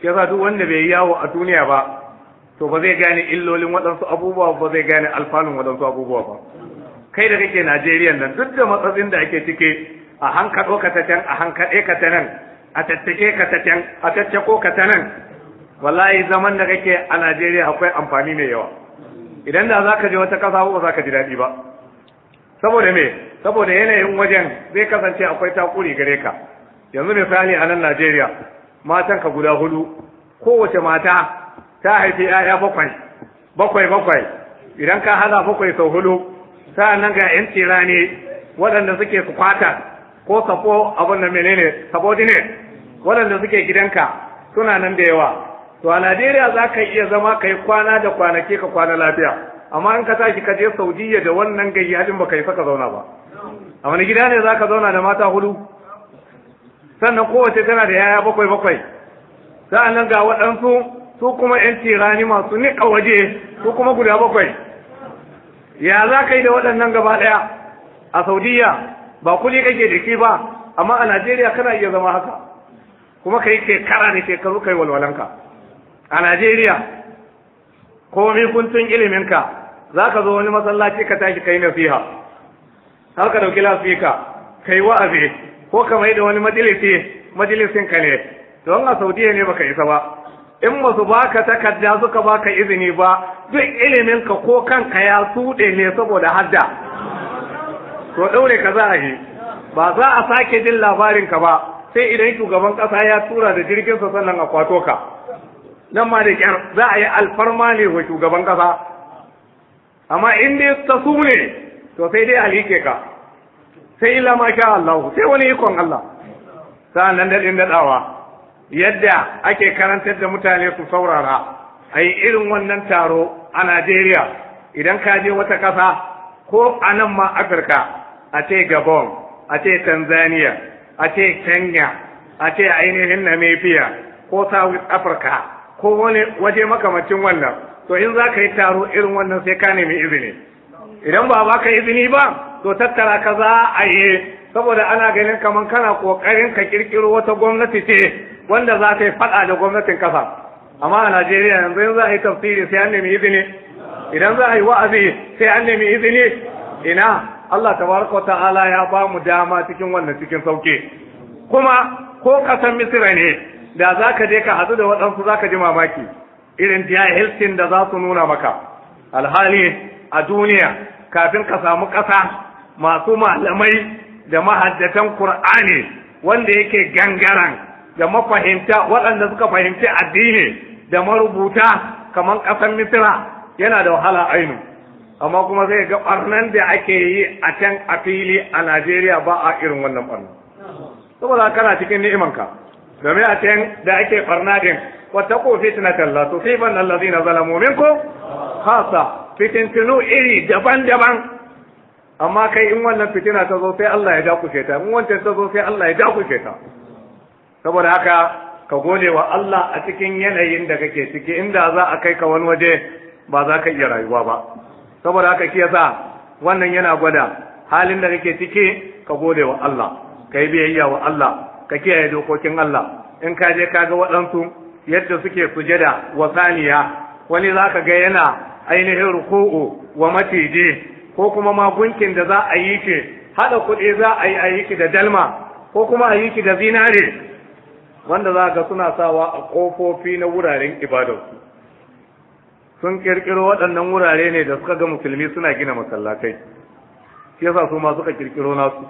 shi yasa duk wanda bai yi yawo a duniya ba to ba zai gane illolin waɗansu abubuwa ba zai gane alfanun waɗansu abubuwa ba kai da kake Najeriya nan duk da matsatsin da ake cike a hankaɗo ka ta can a hankaɗe ka ta nan a tattake ka ta can a tattako ka ta nan wallahi zaman da kake a Najeriya akwai amfani mai yawa idan da za ka je wata ƙasa ba za ka ji daɗi ba saboda me saboda yanayin wajen zai kasance akwai takuri gare ka yanzu misali a nan Najeriya matan ka guda hudu kowace mata ta haifi 'ya'ya bakwai bakwai bakwai idan ka hada bakwai sau hudu nan ga yan tira ne waɗanda suke su kwata ko safo abin da menene subordinate waɗanda suke gidanka suna nan da yawa to a Najeriya za ka iya zama ka yi kwana da kwanaki ka kwana lafiya amma in ka tashi ka je Saudiya da wannan gayyadin ba ka yi saka zauna ba a wani gida ne za ka zauna da mata hudu sannan kowace tana da yaya bakwai bakwai sa'an nan ga waɗansu su kuma yan tirani masu niƙa waje su kuma guda bakwai ya za ka yi da waɗannan gaba ɗaya a saudiya ba kuli kake da shi ba amma a najeriya kana iya zama haka kuma ka yi shekara da shekaru yi walwalanka a najeriya komai kuntun iliminka za ka zo wani masallaci ka tashi yi nasiha haka ka dauki lasika kai wa'azi ko ka mai da wani majalisi majalisin ka ne don a saudiya ne baka isa ba in ba su baka takarda suka baka izini ba duk ilimin ka ko kanka ya tsude ne saboda hadda to daure ka za a yi ba za a sake jin labarin ka ba sai idan shugaban kasa ya tura da jirgin sa sannan a kwato ka nan ma da kyar za a yi alfarma ne wa shugaban kasa amma in dai ta su to sai dai alike ka sai illa ma sha Allah sai wani ikon Allah sa'an nan dadin dadawa yadda ake karantar da mutane su saurara a irin wannan taro a Najeriya idan ka je wata ƙasa ko a nan ma Afirka a ce Gabon a ce Tanzania a ce Kenya a ce ainihin Namibia ko South Africa ko wani waje makamacin wannan to in za ka yi taro irin wannan sai ka nemi izini idan ba ka izini ba to tattara ka za a yi saboda ana ganin kaman kana kokarin ka kirkiro wata gwamnati ce wanda za ta yi fada da gwamnatin kasa amma a Najeriya yanzu yanzu za a yi tafsiri sai an nemi izini idan za a yi wa'azi sai an nemi izini ina Allah tabaraka wa ta'ala ya ba mu dama cikin wannan cikin sauke kuma ko kasan Misira ne da za ka je ka hadu da waɗansu za ka ji mamaki irin jahilcin da za su nuna maka alhali a duniya kafin ka samu ƙasa masu malamai da mahaddatan Kur'ani wanda yake gangaran da mafahimta waɗanda suka fahimci addini da marubuta kamar ƙasar Misira yana da wahala ainu amma kuma sai ga ɓarnan da ake yi a can a fili a Najeriya ba a irin wannan ɓarnan. Saboda kana cikin ni'imanka domin a can da ake ɓarna din wata ko fitinatan la tusiban allazina zalamu minkum khasa fitintinu iri daban-daban amma kai in wannan fitina ta zo sai Allah ya dakushe ta in wancan ta zo sai Allah ya dakushe ta saboda haka ka gode wa Allah a cikin yanayin da kake ciki inda za a kai ka wani waje ba za ka iya rayuwa ba saboda haka shi yasa wannan yana gwada halin da kake ciki ka gode wa Allah ka biyayya wa Allah ka kiyaye dokokin Allah in ka je ka ga waɗansu yadda suke sujada wa saniya wani za ka ga yana ainihin ruku'u wa maciji ko kuma magunkin da za a yi ki haɗa kuɗi za a yi a yi ki da dalma ko kuma a yi ki da zinare wanda za ga suna sawa a ƙofofi na wuraren ibadarsu sun ƙirƙiro waɗannan wurare ne da suka ga musulmi suna gina masallatai shi yasa su ma suka ƙirƙiro nasu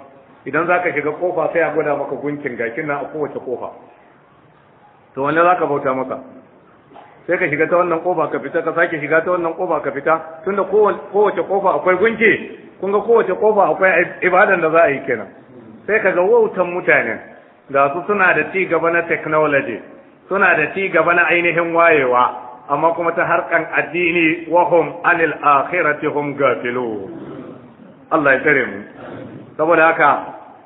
idan za ka shiga kofa sai a gwada maka gunkin gakin nan a kowace kofa to wanne za ka bauta maka sai ka shiga ta wannan kofa ka fita ka sake shiga ta wannan kofa ka fita tunda kowace kofa akwai gunki kun ga kowace kofa akwai ibadan da za a yi kenan sai ka ga wautan mutane da su suna da ci gaba na technology suna da ci gaba na ainihin wayewa amma kuma ta harkan addini wa hum anil akhirati hum gafilu Allah ya tare mu saboda haka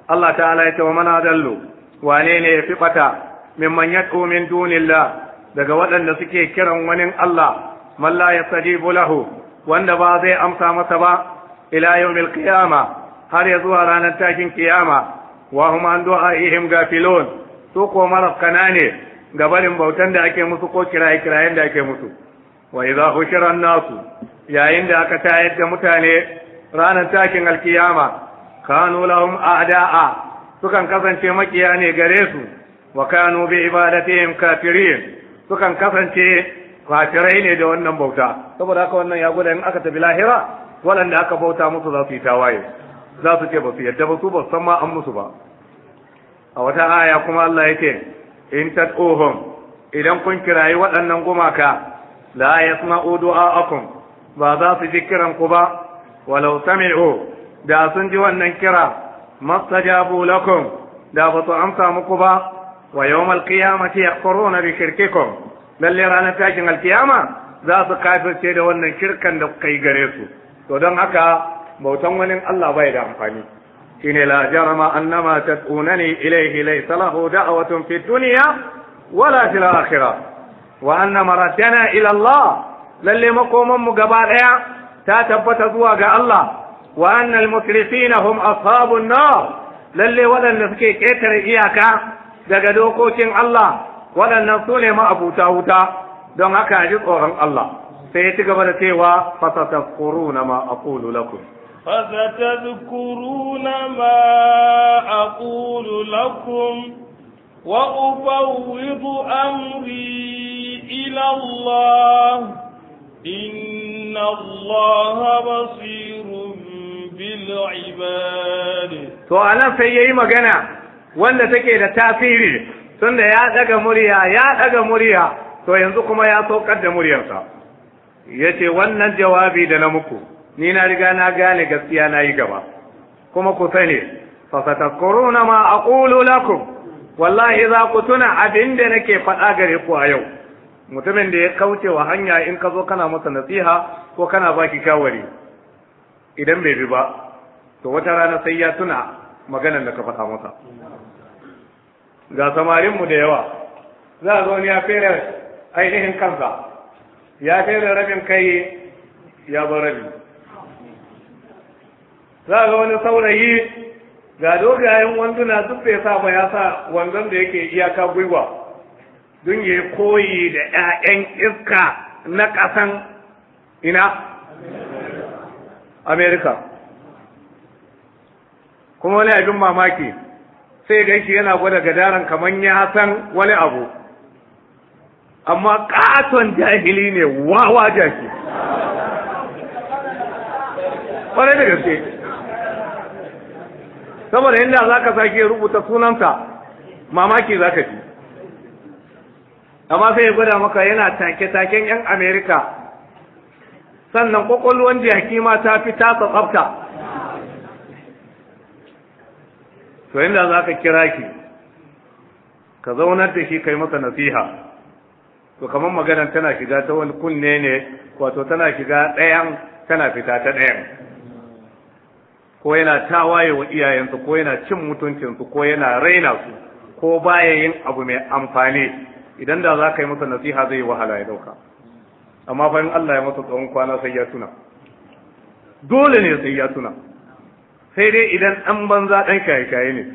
Allah ta'ala ya ce wa man wane ne ya fi bata mimman yad'u min dunillah daga waɗanda suke kiran wani Allah malla ya saji bulahu wanda ba zai amsa masa ba ila yawmil qiyama har ya zuwa ranar takin kiyama wa huma an ihim gafilun su ko marafkana ne gabarin bautan da ake musu ko kiraye kirayen da ake musu wa idza hushira an-nasu yayin da aka tayar da mutane ranar takin alkiyama kanu lahum a'da'a sukan kasance makiya ne gare su wa kanu bi ibadatihim kafirin sukan kasance kafirai ne da wannan bauta saboda haka wannan ya gwada in aka tafi lahira waɗanda aka bauta musu za su yi tawaye za su ce ba su yadda ba su ba san ma an musu ba a wata aya kuma Allah yake in tad'uhum idan kun kirayi waɗannan gumaka la yasma'u du'a'akum ba za su ji kiran ku ba walau sami'u da sun ji wannan kira mastajabu lakum da ba su amsa muku ba wa yawmal qiyamati yakfuruna bi shirkikum lalle ranar takin alkiyama za su kafirce da wannan kirkan da kai yi gare su to don haka bautan wani Allah bai da amfani shine la jarama annama tad'unani ilayhi laysa lahu da'watun fid dunya wala fil akhirah wa anna maratana ila Allah lalle makoman mu gaba ɗaya ta tabbata zuwa ga Allah wa anna al-musrifina hum ashabun nar lalle wadanda suke ketare iyaka daga dokokin Allah waɗannan su ne ma'abuta wuta don haka ji tsoron Allah sai ya ci gaba da cewa fasatazkuruna ma aqulu lakum fasatazkuruna ma aqulu lakum wa ufawwidu amri ila Allah inna Allah basirun bil ibad to anan sai yayi magana wanda take da tasiri tunda ya daga murya ya daga murya to yanzu kuma ya saukar da muryarsa yace wannan jawabi da na muku ni na riga na gane gaskiya na yi gaba kuma ku sani fa satadkuruna ma aqulu lakum wallahi za ku tuna abin da nake faɗa gare ku a yau mutumin da ya kauce wa hanya in ka zo kana masa nasiha ko kana baki kawari idan bai bi ba to wata rana sai ya tuna maganar da ka faɗa masa ga samarinmu da yawa za zo ne ya fere ainihin kansa ya fere rabin kai ya bar rabi za ga wani saurayi ga dogayen wanduna duk bai sa ba ya sa wanzan da yake iyaka gwiwa don ya koyi da 'ya'yan iska na kasan ina amerika kuma wani abin mamaki sai ga shi yana gwada gadaran kaman ya san wani abu amma katon jahili ne wawa jaki kwarai da gaske saboda inda za ka sake rubuta sunansa mamaki za ka ci amma sai ya gwada maka yana take-taken 'yan amerika sannan kwakwalwan jaki ma ta fi tasa tsafta to inda za ka kira ki ka zaunar da shi kai masa nasiha to kamar magana tana shiga ta wani kunne ne wato tana shiga ɗayan tana fita ta ɗayan ko yana waye wa iyayensu ko yana cin mutuncinsu ko yana raina su ko baya yin abu mai amfani idan da za ka yi masa nasiha zai yi wahala ya ɗauka amma fa in Allah ya masa tsawon kwana sai ya tuna dole ne sai ya tuna sai dai idan an banza ɗan shaye ne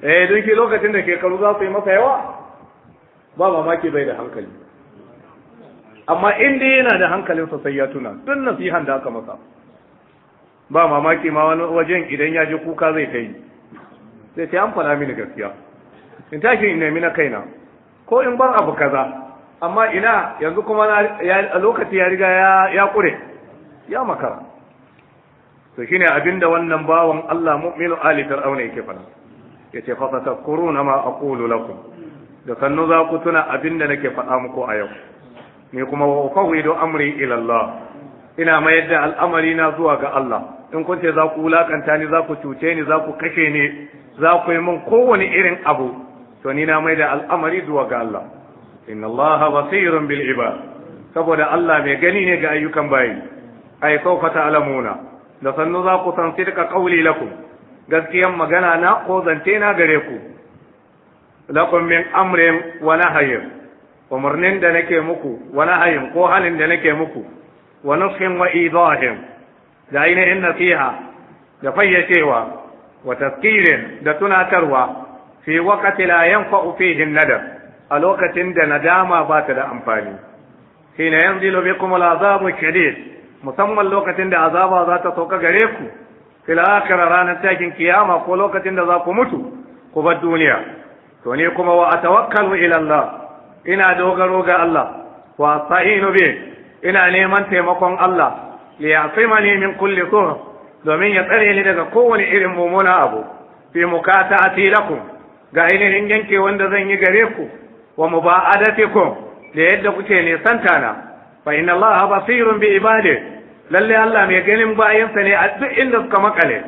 eh don ke lokacin da karu za su yi masa yawa ba mamaki bai da hankali amma in dai yana da hankalin sosai ya tuna duk nasihan da aka masa ba mamaki ma wani wajen idan ya ji kuka zai kai sai sai an faɗa mini gaskiya in tashi in nemi na kaina ko in bar abu kaza amma ina yanzu kuma lokaci ya riga ya kure ya makara to shine abinda wannan bawan Allah mu'minu ali fir'auna yake fara yace fa tatakuruna ma aqulu lakum da sannu za ku tuna abinda nake faɗa muku a yau ni kuma wa fawwidu amri ila Allah ina mayar da al'amari na zuwa ga Allah in kun ce za ku wulakanta ni za ku cuce ni za ku kashe ni za ku yi min kowane irin abu to ni na mai da al'amari zuwa ga Allah inna Allah basirun bil ibad saboda Allah mai gani ne ga ayyukan bayi ay sawfa ta'lamuna da sannu za ku san sirka ƙauli lakum gaskiyan magana na ko zance na gare ku lakum min amrin wa nahyin umarnin da nake muku wa nahyin ko halin da nake muku wa nushin wa idahin da ainihin nasiha da fayyacewa wa da tunatarwa fi waqti la yanfa'u fihi nadam a lokacin da nadama ba ta da amfani hina yanzilu bikum al-azabu shadid musamman lokacin da azaba za ta sauka gare ku fil akhirah ranar takin kiyama ko lokacin da za ku mutu ku bar duniya to ne kuma wa atawakkalu ila Allah ina dogaro ga Allah wa sa'inu bi ina neman taimakon Allah li yasimani min kulli sur domin ya tsare ni daga kowane irin mummuna abu fi mukata'ati lakum ga ainihin yanke wanda zan yi gare ku wa muba'adatikum da yadda kuke nisanta na fa inna Allah basirun bi ibadihi lalle Allah mai ganin bayansa ne a duk inda suka makale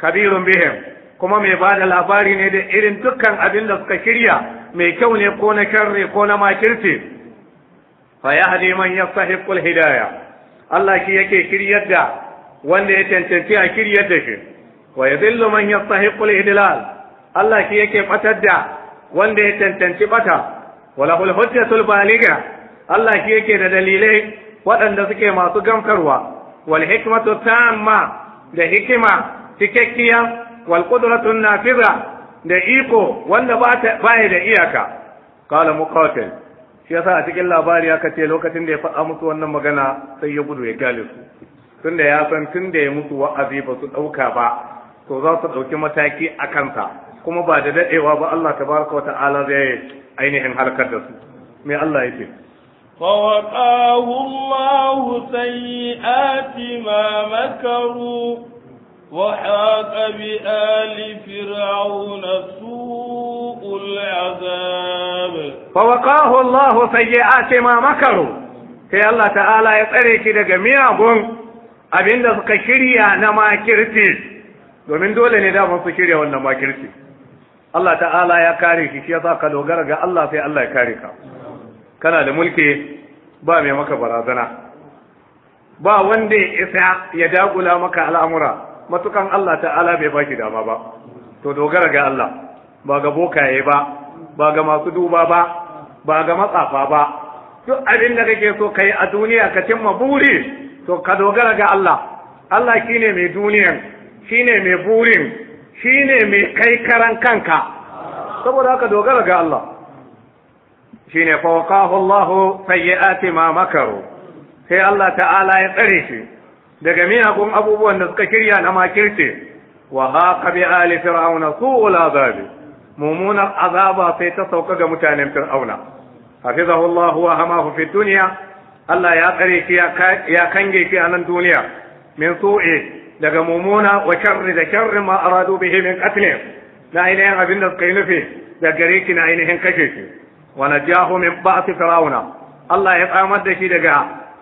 kabirun bihim kuma mai ba da labari ne da irin dukkan abin da suka shirya mai kyau ne ko na sharri ko na makirci fa yahdi man yastahiqul hidaya Allah shi yake kiryar da wanda ya cancanci a kiryar da shi wa yadhillu man yastahiqul idlal Allah shi yake batar da wanda ya cancanci bata walahul hujjatul baligha Allah shi yake da dalilai waɗanda suke masu gamkarwa wal hikmatu tamma da hikima cikakkiya wal qudratu nafiza da iko wanda ba da iyaka kala muqatil shi yasa a cikin labari aka ce lokacin da ya faɗa musu wannan magana sai ya gudu ya gale su tunda ya san tunda ya musu wa'azi ba su ɗauka ba to za su ɗauki mataki a kansa kuma ba da daɗewa ba Allah tabaraka wa ta'ala zai ainihin halkar da su me Allah ya فوقاه الله سيئات ما مكروا وحاق بآل فرعون سوء العذاب فوقاه الله سيئات ما مكروا sai Allah ta'ala ya tsare ki daga miyagun abinda suka shirya na makirci domin dole ne damar su shirya wannan makirci Allah ta'ala ya kare ki shi yasa ka dogara ga Allah sai Allah ya kare ka kana da mulki ba mai maka barazana ba wanda ya isa ya dagula maka al'amura matukan Allah ta'ala bai baki dama ba to dogara ga Allah ba ga bokaye ba ba ga masu duba ba ba ga matsafa ba duk abin da kake so kai a duniya ka cimma buri to ka dogara ga Allah Allah kine mai duniyan shine mai burin shine mai kai karan kanka saboda haka dogara ga Allah shine fa waqahu Allah sayyi'ati ma makaru sai Allah ta'ala ya tsare shi daga miyagun abubuwan da suka kirya na makirce wa haqa bi ali fir'auna su'ul azabi mumunar azaba sai ta sauka ga mutanen fir'auna hafizahu Allah wa hamahu fi dunya Allah ya tsare shi ya kange shi a nan duniya min su'i daga mumuna wa sharri da sharri ma aradu bihi min qatl na ainihin abin da suka yi nufi da gare shi na ainihin kashe shi wa najahu min ba'si fir'auna Allah ya tsamar da shi daga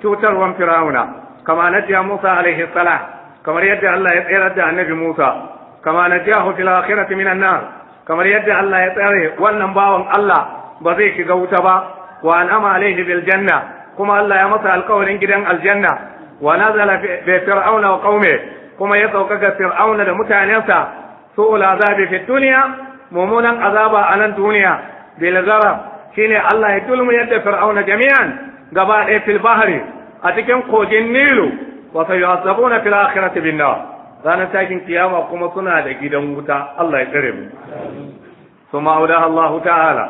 cutarwan fir'auna kama najiya Musa alaihi salam kamar yadda Allah ya tsayar da annabi Musa kama najahu fil akhirati minan nar kamar yadda Allah ya tsare wannan bawan Allah ba zai shiga wuta ba wa an'ama alaihi bil janna kuma Allah ya masa alƙawarin gidan aljanna wa nazala bi fir'auna wa qaumi kuma ya sauka ga fir'auna da mutanensa su'ul azabi fi dunya mumunan azaba a nan duniya bil shine Allah ya dulmuyar yadda fir'auna jami'an gaba ɗaya fil bahari a cikin kogin nilu wa sayu'azzabuna fil akhirati bin nar ranar takin kiyama kuma suna da gidan wuta Allah ya tsare mu kuma auda Allah ta'ala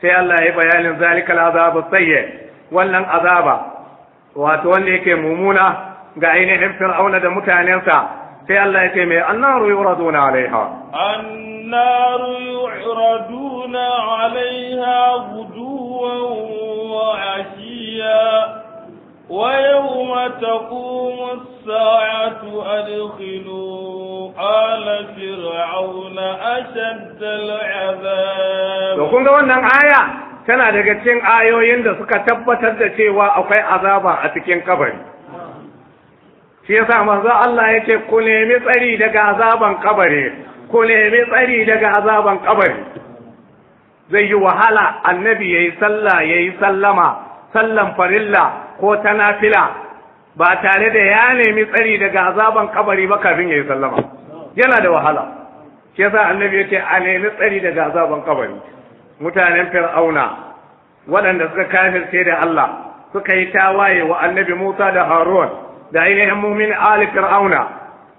sai Allah ya bayanin zalikal azabu sayyi wannan azaba wato wanda yake mumuna ga ainihin fir'auna da mutanensa sai Allah ya ce mai annaru yuraduna alaiha annaru yuraduna alaiha guduwan wa ashiya wa yawma taqumu as-sa'atu adkhilu ala fir'auna ashadda al-'adab to kun ga wannan aya tana daga cikin ayoyin da suka tabbatar da cewa akwai azaba a cikin kabari shi yasa manzo Allah yake ku nemi tsari daga azaban kabari ku nemi tsari daga azaban kabari zai yi wahala annabi yayi sallah yayi sallama sallan farilla ko ta nafila ba tare da ya nemi tsari daga azaban kabari ba kafin yayi sallama yana da wahala shi yasa annabi yake a nemi tsari daga azaban kabari mutanen fir'auna waɗanda suka kafirce da Allah suka yi tawaye wa annabi Musa da Harun da ainihin mumin ali fir'auna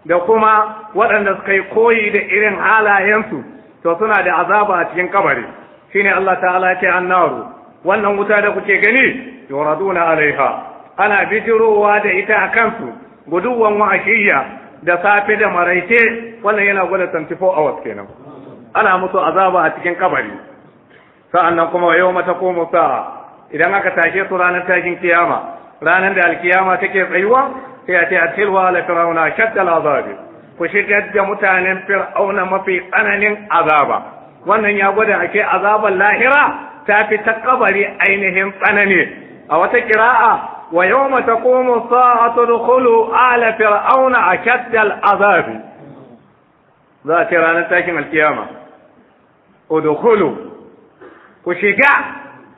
da kuma waɗanda suka yi koyi da irin halayensu to suna da azaba a cikin kabari shine Allah ta'ala ce annaru wannan wuta da kuke gani yuraduna alaiha ana bijirowa da ita a kansu guduwan wa'ashiyya da safe da maraice wannan yana gwada 24 hours kenan ana musu azaba a cikin kabari sa'annan kuma yau mata ko musa idan aka tashe su ranar tashin kiyama ranar da alkiyama take tsayuwa sai a ce a tilwa ala fir'auna shadda azabi ku shigar da mutanen fir'auna mafi tsananin azaba wannan ya gwada ake azaban lahira ta fi ta kabari ainihin tsanani a wata kira'a wa yawma taqumu sa'atu dukhulu ala fir'auna a ashadda al'azabi za a ce ranar takin alkiyama Udukulu, ku shiga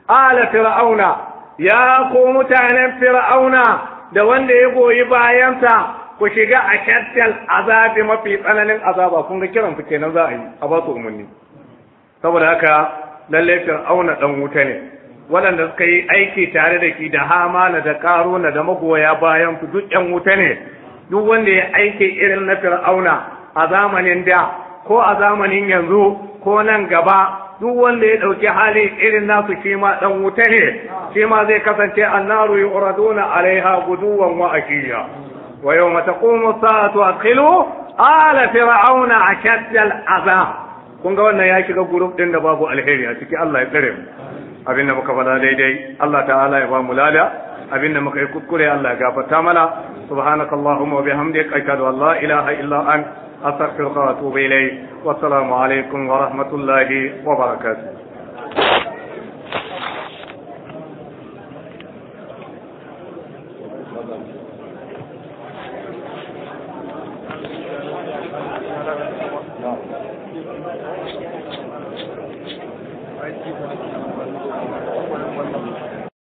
ala fir'auna ya ko mutanen fir'auna da wanda ya goyi bayansa ku shiga a shaddal azabi mafi tsananin azaba kun ga kiran su kenan za a yi a ba su umarni saboda haka lalle fir'auna dan wuta ne waɗanda suka yi aiki tare da ki da hamana da na da magoya bayan su duk yan wuta ne duk wanda ya aiki irin na fir'auna a zamanin da ko a zamanin yanzu ko nan gaba duk wanda ya ɗauki halin irin nasu shi ma ɗan wuta ne shi ma zai kasance annaru yu'raduna alaiha guduwan wa ashiya wa yawma taqumu as-sa'atu adkhilu ala fir'auna a al aza. kun ga wannan ya shiga group din da babu alheri a ciki Allah ya tsare mu abin da muka faɗa daidai Allah ta'ala ya ba mu lada abin da muka yi kuskure Allah ya gafarta mana subhanakallahumma wa bihamdika ashhadu an la ilaha illa anta أستغفرك وأتوب إليك والسلام عليكم ورحمة الله وبركاته Thank you.